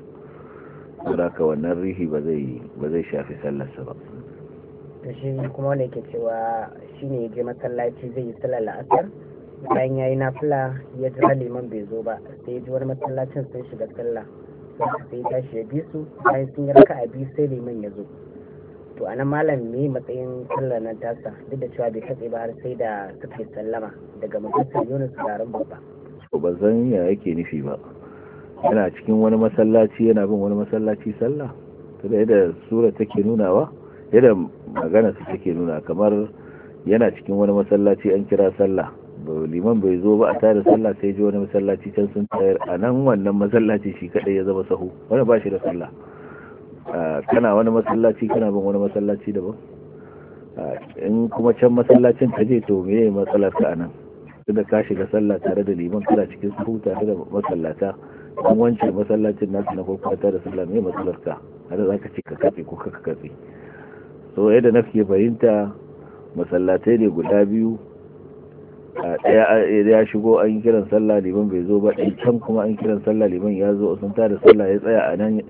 da haka wannan rihi ba zai shafi sallarsa ba da shi kuma wanda yake cewa shine ya je masallaci zai yi sallar la'asar bayan yayi na nafila ya jira liman bai zo ba sai ji wani masallacin sun shiga sallah sai ya tashi ya bi su bayan sun yi raka a bi sai liman ya zo to anan malam me matsayin sallar nan tasa duk da cewa bai katse ba har sai da suka sallama daga mutum yunus garin babba to ba zan ya yake nufi ba yana cikin wani masallaci yana bin wani masallaci sallah to da yadda sura take nunawa yadda magana su take nuna kamar yana cikin wani masallaci an kira sallah liman bai zo ba a tare sallah sai ji wani masallaci can sun tayar a nan wannan masallaci shi kadai ya zama sahu wani ba shi da sallah kana wani masallaci kana bin wani masallaci daban in kuma can masallacin ta je to me matsalar ka anan da ka shiga sallah tare da liman kana cikin sahu tare da masallata in wance masallacin nasu na farko tare da sallah me matsalar ka har za ka ci ka katse ko ka kafe so yadda na fiye fahimta masallatai ne guda biyu Eh, ya shigo an yi kiran sallah liman bai zo ba ɗai can kuma an kiran sallah liman ya zo sun tada sallah ya tsaya a nan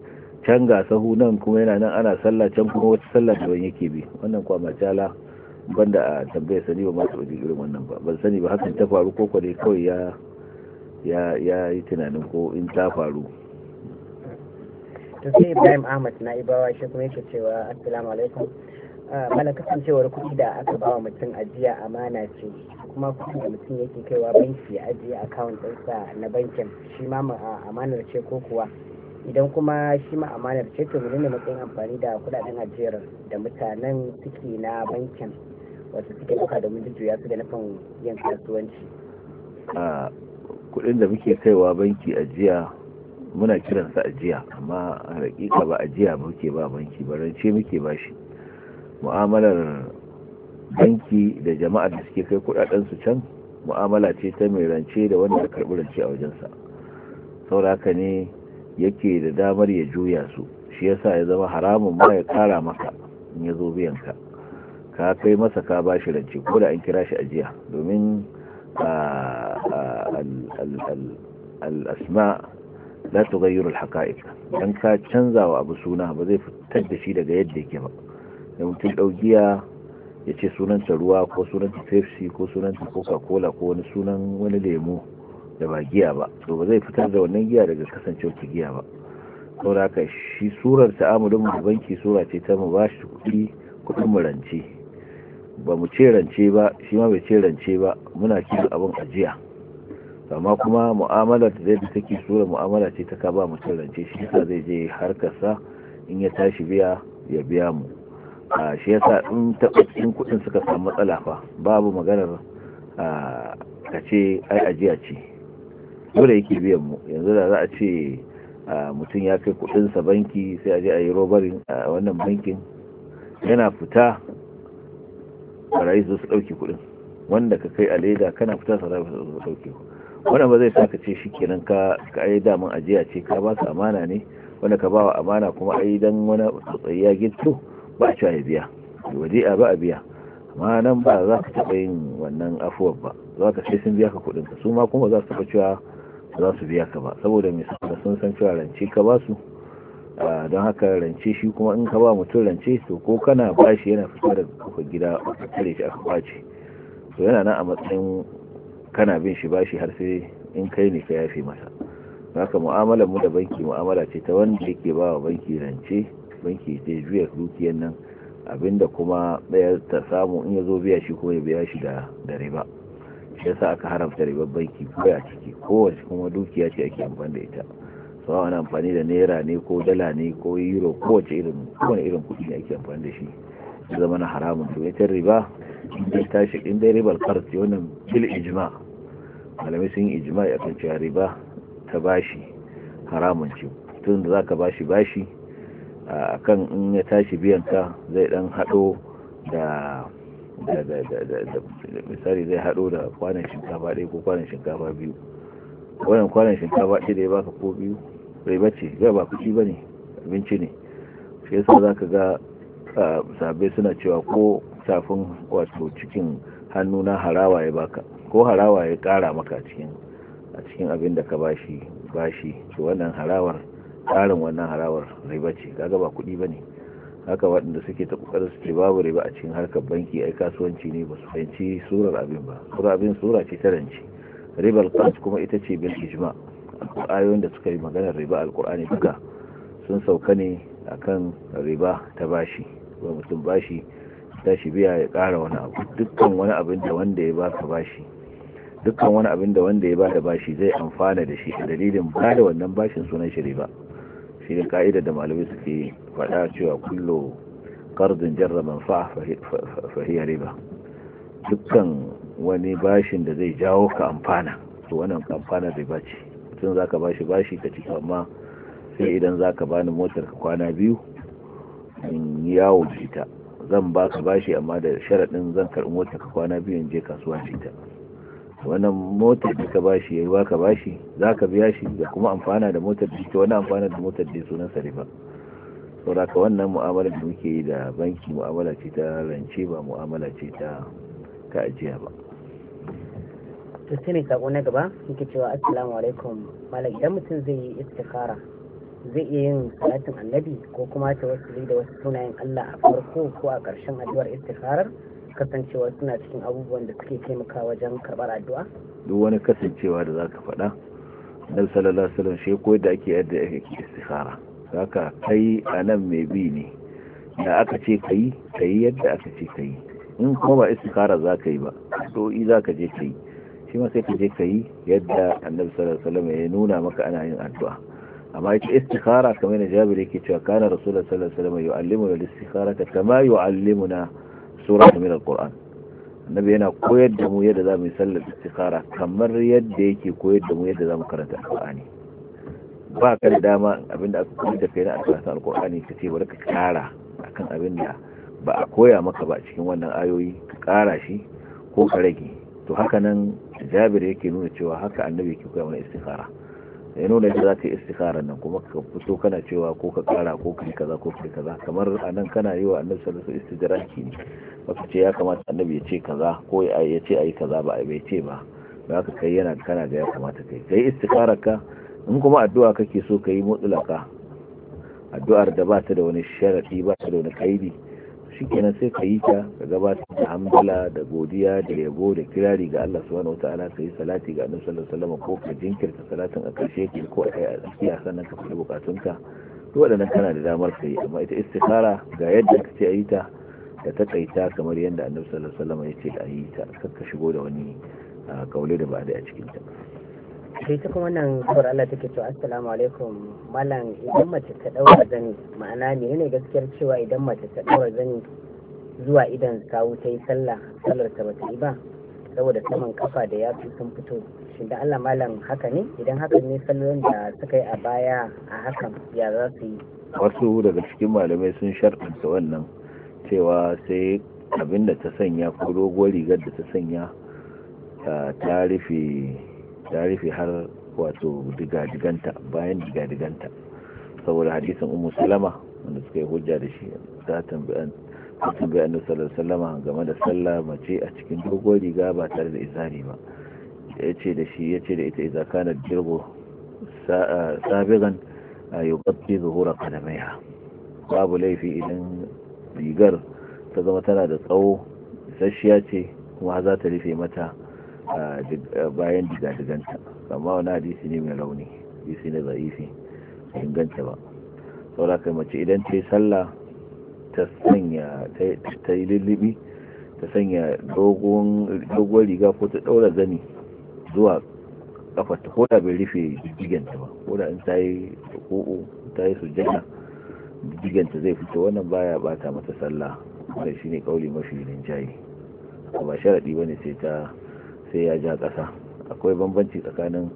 can ga sahu nan kuma yana nan ana sallah can kuma wata sallah daban yake bi wannan kwa macala banda a tambaya sani ba masu wajen irin wannan ba ban sani ba hakan ta faru ko kwade kawai ya ya ya yi tunanin ko in ta faru to sai ibrahim ahmad na ibawa shi kuma yake cewa assalamu alaikum ah, mana kasancewar kuɗi da aka ba wa mutum ajiya amana ce kuma kuɗin da mutum yake kaiwa banki ya ajiye akawun ɗinsa na bankin shi ma ah, amanar ce ko kuwa idan kuma shi ma amanar ce to ne matsayin amfani da kuɗaɗen ajiyar da mutanen suke na bankin wasu suke ɗauka domin jujjuya su da nufin yin kasuwanci. kuɗin da muke kaiwa banki ajiya muna kiransa ajiya amma a hakika ba ajiya muke ba banki ba rance muke ba shi mu'amalar banki da jama'a da suke kai kudaden su can mu'amala ce ta mai rance da wanda ya karbi rance a wajen sa, sauraka ne yake da damar ya juya su shi yasa ya zama haramun ma ya kara maka in ya zo biyan ka ka kai masa ka bashi rance ko da an kira shi ajiya domin al'asma la tughayyiru al-haqa'iq dan ka canza wa abu suna ba zai fitar da shi daga yadda yake ba da mutum daugiya ya ce sunanta ruwa ko sunanta pepsi ko sunanta coca-cola ko wani sunan wani lemu da ba giya ba to ba zai fitar da wannan giya daga kasancewar ta giya ba da aka shi surar amurin mu banki sura ce ta mu ba shi kuɗi mu rance ba mu ce rance ba shi ma bai ce rance ba muna kiran abin ajiya amma kuma mu'amala da yadda take sura mu'amala ce ta ka ba ce rance shi ta zai je harkarsa in ya tashi biya ya biya mu shi yasa in tabbacin kuɗin suka samu matsala fa babu maganar ka ce ai ajiya ce dole yake biyan mu yanzu da za a ce mutum ya kai sa banki sai a je a yi robarin a wannan bankin yana fita barayi su su ɗauki kudin wanda ka kai a leda kana fita su rayu su dauke wannan ba zai sa ka ce shikenan ka ka ai daman ajiya ce ka ba su amana ne wanda ka ba wa amana kuma ai dan wani tsotsayi ya gitto ba cewa ya biya a ba a biya amma nan ba za ka taɓa yin wannan afuwar ba za ka sai sun biya ka kuɗin ka su ma kuma za su cewa za su biya ka ba saboda mai da sun san cewa rance ka ba su don haka rance shi kuma in ka ba mutum rance to ko kana ba shi yana fitar da kuka gida a tare shi aka kwace to yana nan a matsayin kana bin shi bashi har sai in kai ne ka yafe masa haka mu'amalar mu da banki mu'amala ce ta wanda yake ba wa banki rance banki da juya dukiyar nan abinda kuma ɗaya ta samu in ya zo biya shi ko ya biya shi da da riba shi yasa aka haramta riba banki ko ya ciki kowace kuma dukiya ce ake amfani da ita sau ana amfani da naira ne ko dala ne ko euro wace irin irin kuɗi ne ake amfani da shi ya zama na haramun to ita riba in tashi in dai ribar karti wannan bil ijma malamai sun yi ijma ya kan cewa riba ta bashi haramun ce tun da zaka bashi bashi a kan in ya tashi biyan ka zai dan haɗo da misali zai haɗo da kwanan shinkafa ɗaya ko kwanan shinkafa biyu wannan kwanan shinkafa ɗaya da ya baka ko biyu bai bace bai ba kuki ba ne abinci ne shi yasa za ka ga sabai suna cewa ko safin wato cikin hannu na harawa ya baka ko harawa ya kara maka cikin a cikin abin da ka bashi bashi to wannan harawar tsarin wannan harawar riba ce kaga ba kuɗi ba ne haka waɗanda suke ta kokarin su ce babu riba a cikin harkar banki ai kasuwanci ne ba su fahimci surar abin ba sura abin sura ce ta rance ribal qas kuma ita ce bil ijma ayoyin da suka yi maganar riba alqur'ani duka sun sauka ne akan riba ta bashi ba mutum bashi tashi biya ya ƙara wani abu dukkan wani abin da wanda ya baka bashi dukkan wani abin da wanda ya bada bashi zai amfana da shi a dalilin bada wannan bashin sunan shi riba shi ne ka'ida da malamai suke faɗa cewa kullo ƙarzin jarra manfa fahiyar riba dukkan wani bashin da zai jawo ka amfana to wannan amfana riba ce mutum za ka bashi bashi ka cika amma sai idan za ka bani motar ka kwana biyu in yawo ita zan ba ka bashi amma da sharaɗin zan karɓi motar ka kwana biyu in je kasuwa cita wannan motar da ka bashi ya waka bashi za ka biya shi da kuma amfana da motar da shi wani amfana da motar da sunan sa riba saboda ka wannan mu'amala da muke yi da banki mu'amala ce ta rance ba mu'amala ce ta ka ajiya ba to sai ne sako na gaba yake cewa assalamu alaikum malam idan mutum zai yi istikhara zai iya yin salatin annabi ko kuma ta wasu da wasu sunayen Allah a farko ko a ƙarshen addu'ar istikharar kasancewa suna cikin abubuwan da suke taimaka wajen karɓar addu'a duk wani kasancewa da zaka faɗa annabi sallallahu alaihi wasallam shi koyar da ake yadda ake istikhara haka kai anan mai bi ne da aka ce kai kai yadda aka ce kai in kuma ba istikhara zaka yi ba za zaka je kai shi ma sai ka je kai yadda annabi sallallahu alaihi wasallam ya nuna maka ana yin addu'a amma ita istikhara kamar da Jabir yake cewa kana rasulullahi sallallahu alaihi wasallam yu'allimuna al-istikhara kama yu'allimuna sura mil alquran annabi yana koyar da mu yadda zamu yi sallar istikhara kamar yadda yake koyar da mu yadda zamu karanta alqurani ba ka da dama abinda aka koyar da kai na karanta alqurani ka ce bari ka kara akan abin da ba a koya maka ba cikin wannan ayoyi ka kara shi ko ka rage to haka nan jabir yake nuna cewa haka annabi yake koya mana istikhara ya nuna yadda za ka yi istikhara nan kuma ka fito kana cewa ko ka kara ko ka kaza ko ka kaza kamar a nan kana yi wa annabi sallallahu alaihi istidraki ne baka ce ya kamata annabi ya ce kaza ko ya ce ayi kaza ba bai ce ba za ka kai yana kana ga ya kamata kai kai istikharar ka in kuma addu'a kake so ka yi mutlaka addu'ar da ba ta da wani sharadi ba ta da wani kaidi shi sai ka yi ta ka gabatar da hamdala da godiya da yabo da kirari ga Allah subhanahu wataala ka yi salati ga annabi sallallahu alaihi wasallam ko ka jinkirta salatin a karshe ki ko kai a tsakiya sannan ka bukatun bukatunka duk wadannan kana da damar ka yi amma ita istikara ga yadda ka ce ayita yi ta da kamar yadda annabi sallallahu alaihi wasallam ya ce a yi ta ka shigo da wani kaule da ba da a cikin ta sai kuma wannan kawar Allah take cewa assalamu alaikum malam idan mace ta daura zani ma'ana ne ne gaskiyar cewa idan mace ta daura zani zuwa idan kawu ta yi sallah sallar ta bata yi ba saboda saman kafa da fi sun fito shin da Allah malam haka ne idan haka ne sallar da suka yi a baya a hakan ya za su yi wasu daga cikin malamai sun sharɗanta wannan cewa sai abin da ta sanya ko doguwar rigar da ta sanya ta rufe ta rufe har wato digadiganta bayan digadiganta saboda hadisin ummu salama wanda suka yi hujja da shi ta tambaya annabi sallallahu salama game da sallah mace a cikin dogon riga ba tare da izari ba ya ce da shi ya ce da ita iza kana dirbu sabigan yughatti zuhura babu laifi idan rigar ta zama tana da tsawo sashiya ce kuma za ta rufe mata bayan diga-diganta amma wani hadisi ne mai rauni hadisi ne za'ifi inganta ba saboda kai mace idan ta yi sallah ta sanya ta yi lullubi ta sanya doguwar riga ko ta ɗaura zani zuwa kafarta ko da bai rufe diganta ba ko da in ta yi ko'o ta yi sujjana jiganta zai fito wannan baya bata mata sallah wannan shine kauli mafi rinjaye ba sharadi bane sai ta sai ya ja ƙasa akwai bambanci tsakanin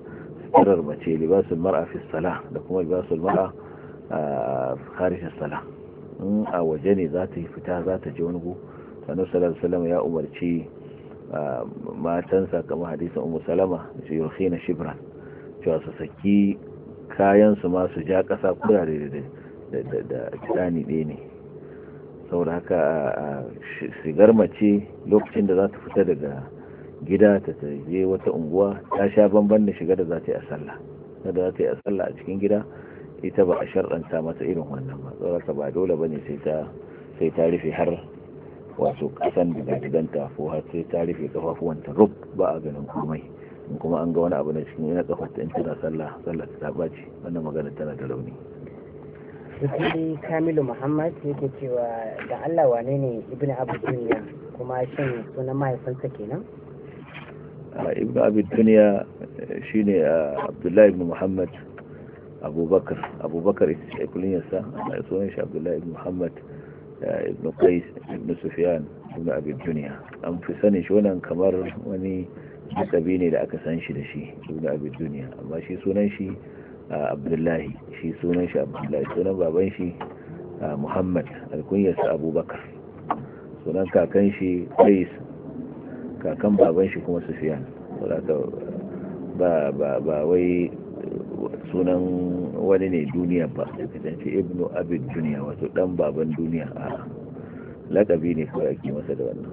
sitirar mace libasul mar'a fi sala da kuma libasul mar'a a harishin sala in a waje ne za ta yi fita za ta je wani gu sanu salama ya umarci matansa kamar hadisun umar salama su yurkhina shibran cewa su saki kayan su ma su ja ƙasa kudade da da ɗaya ne saboda haka shigar mace lokacin da za ta fita daga gida ta je wata unguwa ta sha bamban da shiga da za ta yi a sallah da za ta yi a sallah a cikin gida ita ba a sharɗanta mata irin wannan ba tsoraka ba dole ba ne sai ta rufe har wato kasan da gidanta ko har sai ta rufe ta rub ba a ganin komai in kuma an ga wani abu na cikin yana ta in tana sallah sallah ta ɓaci wannan magana tana da rauni kamilu muhammad yake cewa da allah wane ne ibn abu kuma shin sunan mahaifinsa kenan ibn abin duniya shi ne uh, abdullahi ibn muhammad abubakar abubakar ikuliyarsa a sunan shi abdullahi ibn muhammad uh, ibn qais ibn sufyan ibn abin duniya an fi sanin shi wannan kamar wani nasabi ne da aka san shi da shi ibn abin duniya amma shi sunan shi uh, abdullahi shi sunan shi abdullahi sunan baban shi muhammad alkunyarsa abubakar sunan kakan shi qais kakan baban shi kuma sufiyan ba ba ba wai sunan wani ne duniya ba da ce ibnu abid duniya wato dan baban duniya a lakabi ne kawai ake masa da wannan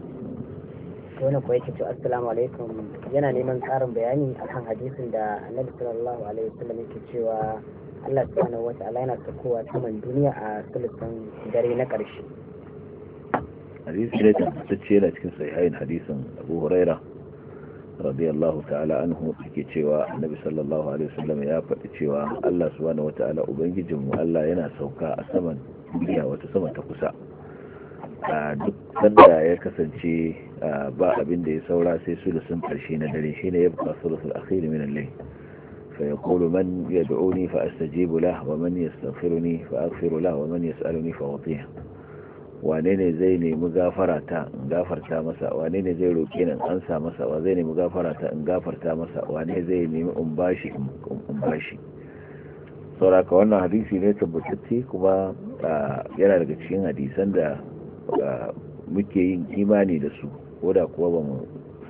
wani kuwa yake cewa assalamu alaikum yana neman karin bayani akan hadisin da annabi sallallahu alaihi wasallam yake cewa Allah subhanahu wa ta'ala yana sakowa saman duniya a sulusun dare na ƙarshe hadisi ne tabbatacce yana cikin sahihain hadisin Abu Huraira radiyallahu ta'ala anhu yake cewa Annabi sallallahu alaihi wasallam ya faɗi cewa Allah subhanahu wata'ala ubangijin mu Allah yana sauka a saman duniya wata sama ta kusa a duk sanda ya kasance ba abin da ya saura sai sulusun karshe na dare shine ya buƙa sulusul akhir min al-layl فيقول من يدعوني فأستجيب له ومن يستغفرني فأغفر له ومن يسألني فأعطيه wane ne zai nemi gafara ta in gafarta masa wane ne zai roƙi ni ansa masa wa zai nemi gafara ta in gafarta masa wane zai nemi in bashi in sauraka wannan hadisi ne tabbatacce kuma yana daga cikin hadisan da muke yin imani da su ko da kuwa ba mu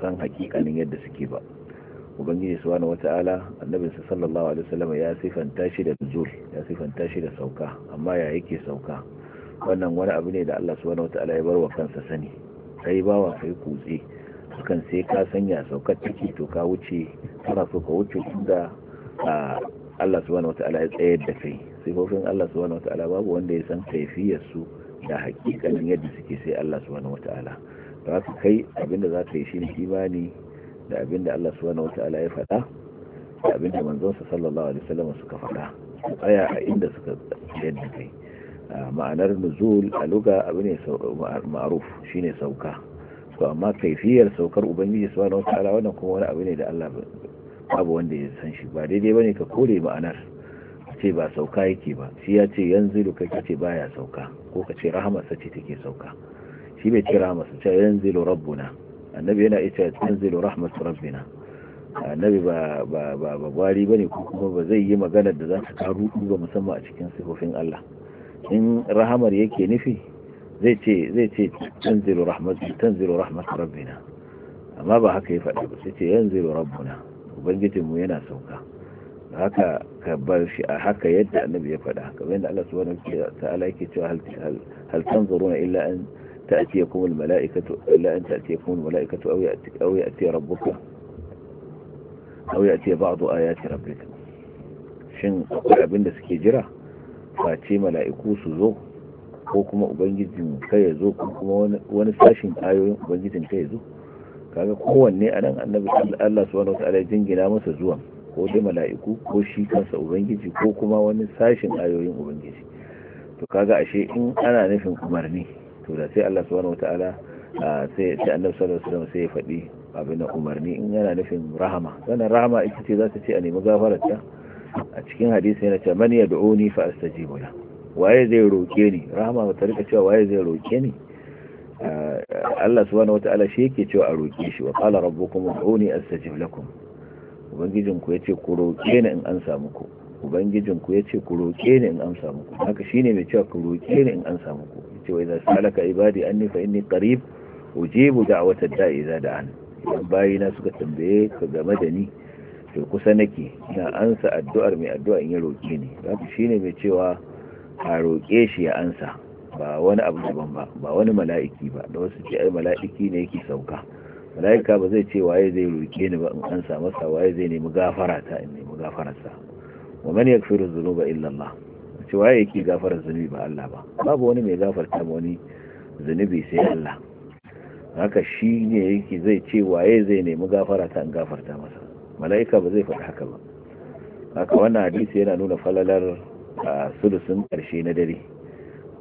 san hakikanin yadda suke ba ubangiji subhanahu wata'ala annabinsa sallallahu alaihi wasallam ya sifanta shi da zuwa ya sifanta shi da sauka amma ya yake sauka wannan wani abu ne da Allah subhanahu wataala ya bar wa kansa sani Sai bawa kai kutse sukan sai ka sanya saukar ciki to ka wuce kana so ka wuce inda Allah subhanahu wataala ya tsayar da kai Sai kofin Allah subhanahu wataala babu wanda ya san kaifiyar su da hakikanin yadda suke sai Allah subhanahu wataala za ka kai abinda za ka yi shi imani da abinda Allah subhanahu wataala ya faɗa da abinda manzon sa sallallahu alaihi wasallam suka faɗa tsaya a inda suka yadda kai ma'anar nuzul a luga abu ne ma'aruf ne sauka to amma kaifiyar saukar ubangiji wata wataala wannan kuma wani abu ne da Allah babu wanda ya san shi ba daidai ba ne ka kore ma'anar ce ba sauka yake ba shi ya ce yanzu da ka ce baya sauka ko ka ce rahamarsa ce take sauka shi bai ce rahamarsa ce yanzu rabbuna annabi yana ita yanzu tanzilu rahmatu rabbina annabi ba ba ba ba bane ko kuma ba zai yi magana da za ta karu ga musamman a cikin sifofin Allah in rahamar yake nufi zai ce zai ce tanzilu rahmatu tanzilu rahmatu rabbina amma ba haka ya faɗa ba sai ce yanzilu rabbuna ubangijinmu yana sauka haka ka bar shi a haka yadda annabi ya faɗa kamar yadda Allah subhanahu wa ta'ala yake cewa hal tanzuruna illa an تأتيكم الملائكة إلا أن تأتيكم الملائكة أو يأتي, أو يأتي ربك أو يأتي بعض آيات ربك face mala'iku su zo ko kuma ubangijin ka ya zo ko kuma wani sashin ayoyin ubangijin ka ya zo kaga kowanne a nan annabi Allah subhanahu wataala ya jingina masa zuwa ko dai mala'iku ko shi kansa ubangiji ko kuma wani sashin ayoyin ubangiji to kaga ashe in ana nufin umarni to da sai Allah subhanahu wataala sai sai annabi sallallahu alaihi wasallam sai ya faɗi abin da umarni in yana nufin rahama wannan rahama ita ce za ta ce a nemi gafararta a cikin hadisi yana cewa man yad'uni fa astajibu la waye zai roke ni rahama ta rika cewa waye zai roke ni Allah subhanahu wataala shi yake cewa a roke shi wa qala rabbukum ud'uni astajib lakum ubangijin ku yace ku roke ni in an samu ku ubangijin ku yace ku roke ni in an samu ku haka shine mai cewa ku roke ni in an samu ku yace wa idza salaka ibadi anni fa inni qarib ujibu da'wata da'i idza da'an idan bayina suka tambaye ka game da ni to kusa nake na ansa addu'ar mai addu'a in ya roƙe ni zaka shine mai cewa a roƙe shi ya ansa ba wani abu daban ba ba wani mala'iki ba da wasu ce ai mala'iki ne yake sauka mala'ika ba zai ce waye zai roƙe ni ba in ansa masa waye zai nemi gafara ta in nemi gafararsa wa man yaghfiru dhunuba illa Allah ce waye yake gafarar zunubi ba Allah ba babu wani mai gafarta ba wani zunubi sai Allah haka shi ne yake zai ce waye zai nemi gafara ta in gafarta masa mala'ika ba zai faɗi haka ba haka wannan hadisi yana nuna falalar a sulusun ƙarshe na dare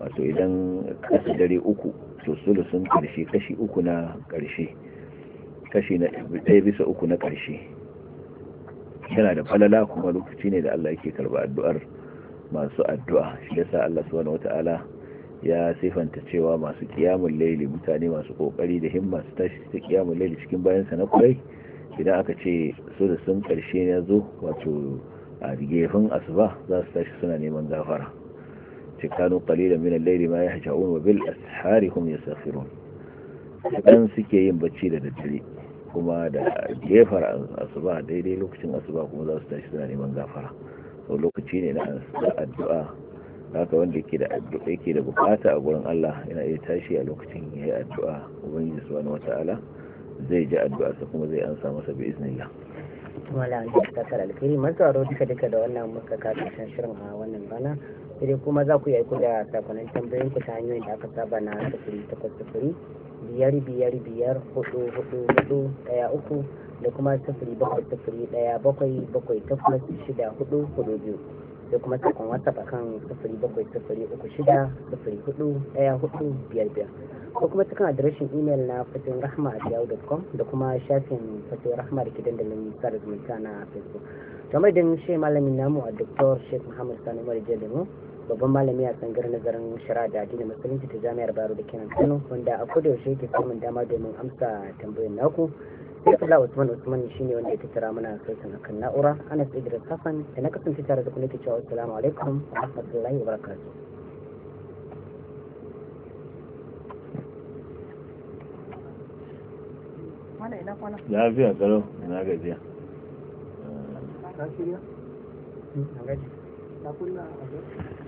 wato idan kasa dare uku to sulusun ƙarshe kashi uku na ƙarshe kashi na ɗaya bisa uku na ƙarshe yana da falala kuma lokaci ne da Allah yake karba addu'ar masu addu'a shi yasa Allah subhanahu wata'ala ya sifanta cewa masu kiyamul laili mutane masu kokari da himma su tashi su kiyamul laili cikin bayansa na kurai idan aka ce su da sun karshe ya zo wato a gefen asuba za su tashi suna neman gafara ce kanu qalilan min al-layli ma a wa bil ashari hum yastaghfirun dan suke yin bacci da daddare kuma da gefar asuba daidai lokacin asuba kuma za su tashi suna neman gafara sau lokaci ne na addu'a haka wanda yake da addu'a yake da bukata a gurin Allah yana iya tashi a lokacin yayi addu'a ubangiji subhanahu wata'ala zai ji addu'arsa kuma zai ansa masa bi iznillah wala ya kasar alkhairi masu aro duka duka da wannan muka shan shirin a wannan bana sai kuma za ku yi da sakonin tambayoyin ku ta hanyoyin da aka saba na sufuri takwas sufuri biyar biyar biyar hudu hudu hudu ɗaya uku da kuma sufuri bakwai sufuri ɗaya bakwai bakwai takwas shida hudu hudu biyu da kuma sakon whatsapp akan sufuri bakwai sufuri uku shida sufuri hudu ɗaya hudu biyar biyar ko kuma cikin adireshin imel na fatin rahma a da kuma shafin fatin rahma da ke dandalin da zumunta na facebook kamar da shi malamin namu a dr Sheik muhammad sani mara jelimu babban malami a tsangar nazarin shari'a da addinin musulunci ta jami'ar baro da kenan kano wanda a kodayaushe yake samun dama domin amsa tambayoyin naku sai fula usman usman ne wanda ya tattara mana sautin akan na'ura ana idris hassan da na kasance tare da kuma ke cewa assalamu alaikum wa rahmatullahi wa barakatuh lafiya karo na gajiya ta shirya na ta kunna a